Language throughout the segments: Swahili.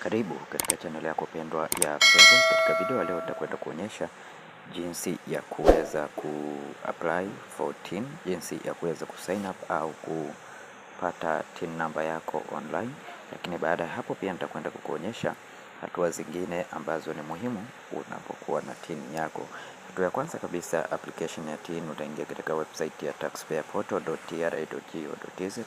Karibu katika channel yako pendwa ya fedha. Katika video ya leo nitakwenda kuonyesha jinsi ya kuweza apply for TIN, jinsi ya kuweza sign up au kupata TIN namba yako online, lakini baada ya hapo pia nitakwenda kukuonyesha hatua zingine ambazo ni muhimu unapokuwa na TIN yako. Hatua ya kwanza kabisa, application ya TIN, utaingia katika website ya taxpayerportal.tra.go.tz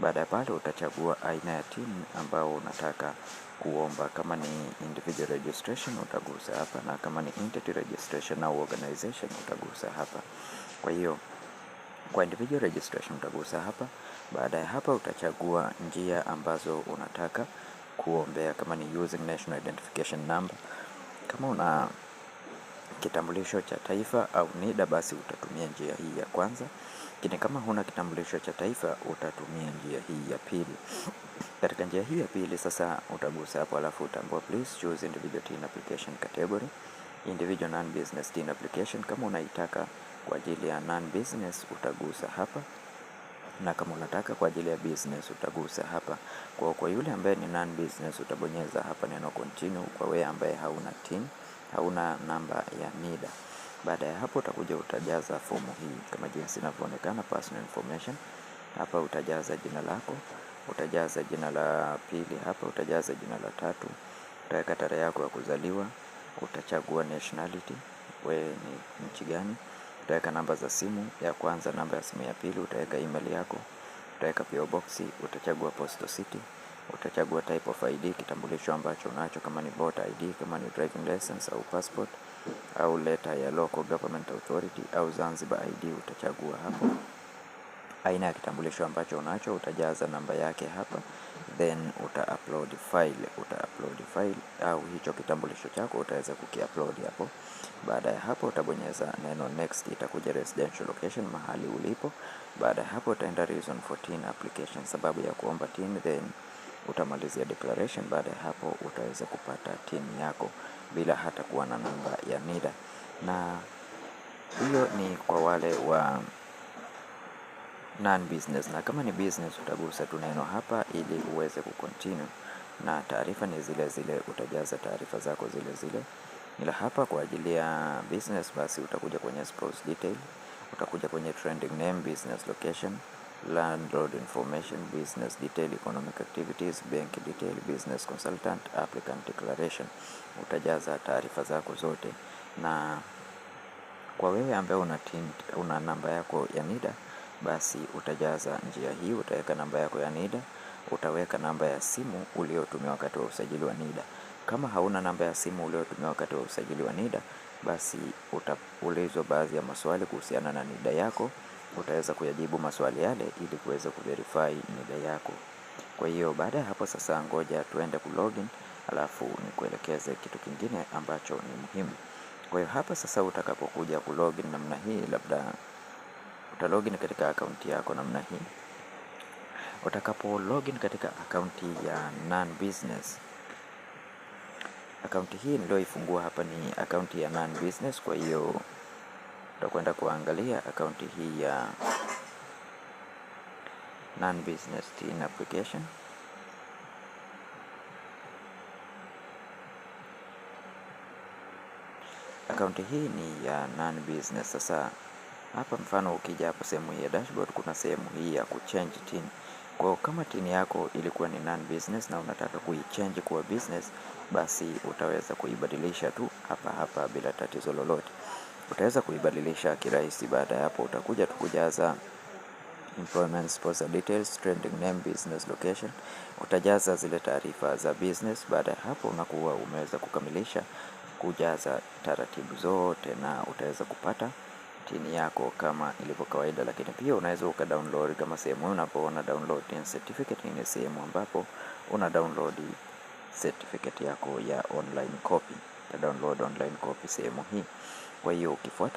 baada ya pale utachagua aina ya timu ambayo unataka kuomba. Kama ni individual registration utagusa hapa, na kama ni entity registration au organization utagusa hapa. Kwa hiyo kwa individual registration utagusa hapa. Baada ya hapa utachagua njia ambazo unataka kuombea, kama ni using national identification number, kama una kitambulisho cha taifa au NIDA, basi utatumia njia hii ya kwanza, lakini kama huna kitambulisho cha taifa utatumia njia hii ya pili. Katika njia hii ya pili sasa utagusa hapo, alafu utambua please choose individual tin application category, individual non business tin application. Kama unaitaka kwa ajili ya non business utagusa hapa, na kama unataka kwa ajili ya business utagusa hapa. Kwa kwa yule ambaye ni non business utabonyeza hapa neno continue, kwa wewe ambaye hauna tin hauna namba ya NIDA. Baada ya hapo utakuja utajaza fomu hii kama jinsi inavyoonekana, personal information. Hapa utajaza jina lako, utajaza jina la pili, hapa utajaza jina la tatu, utaweka tarehe yako ya kuzaliwa, utachagua nationality, we ni nchi gani, utaweka namba za simu ya kwanza, namba ya simu ya pili, utaweka email yako, utaweka PO box, utachagua postal city utachagua type of ID, kitambulisho ambacho unacho, kama ni voter ID, kama ni driving license au passport au letter ya local government authority au Zanzibar ID, utachagua hapo aina ya kitambulisho ambacho unacho, utajaza namba yake hapa, then uta upload file, uta upload file au hicho kitambulisho chako utaweza kukiupload hapo. Baada ya hapo utabonyeza neno next, itakuja residential location, mahali ulipo. Baada ya hapo utaenda reason 14 application, sababu ya kuomba TIN, then utamalizia declaration. Baada ya hapo, utaweza kupata timu yako bila hata kuwa na namba ya NIDA, na hiyo ni kwa wale wa non business, na kama ni business utagusa tu neno hapa ili uweze kucontinue, na taarifa ni zile zile, utajaza taarifa zako zile zile, ila hapa kwa ajili ya business, basi utakuja kwenye spouse detail, utakuja kwenye trending name, business location landlord information, business detail, economic activities, bank detail, business consultant, applicant declaration. Utajaza taarifa zako zote, na kwa wewe ambaye una una namba yako ya NIDA, basi utajaza njia hii, utaweka namba yako ya NIDA, utaweka namba ya simu uliotumia wakati wa usajili wa NIDA. Kama hauna namba ya simu uliotumia wakati wa usajili wa NIDA, basi utaulizwa baadhi ya maswali kuhusiana na NIDA yako utaweza kuyajibu maswali yale ili kuweza kuverify nida yako. Kwa hiyo baada ya hapo sasa, ngoja tuende ku login, alafu nikuelekeze kitu kingine ambacho ni muhimu. Kwa hiyo hapa sasa, utakapokuja login namna hii, labda login katika akaunti yako namna hii. Utakapo login katika akaunti ya Nan Business, akaunti hii niliyoifungua hapa ni akaunti ya Nan Business, kwa hiyo tutakwenda kuangalia akaunti hii ya non-business TIN application. Akaunti hii ni ya non-business. Sasa hapa mfano, ukija hapo sehemu ya dashboard, kuna sehemu hii ya kuchange TIN. Kwa kama TIN yako ilikuwa ni non business na unataka kuichange kuwa business, basi utaweza kuibadilisha tu hapa hapa bila tatizo lolote utaweza kuibadilisha kirahisi. Baada ya hapo utakuja tukujaza employment sponsor details, trending name, business location, utajaza zile taarifa za business. Baada ya hapo unakuwa umeweza kukamilisha kujaza taratibu zote na utaweza kupata tini yako kama ilivyo kawaida, lakini pia unaweza uka download kama sehemu unapoona download tin certificate, ni sehemu ambapo una download certificate yako ya online copy. Ta download online copy sehemu hii. Kwa hiyo ukifuata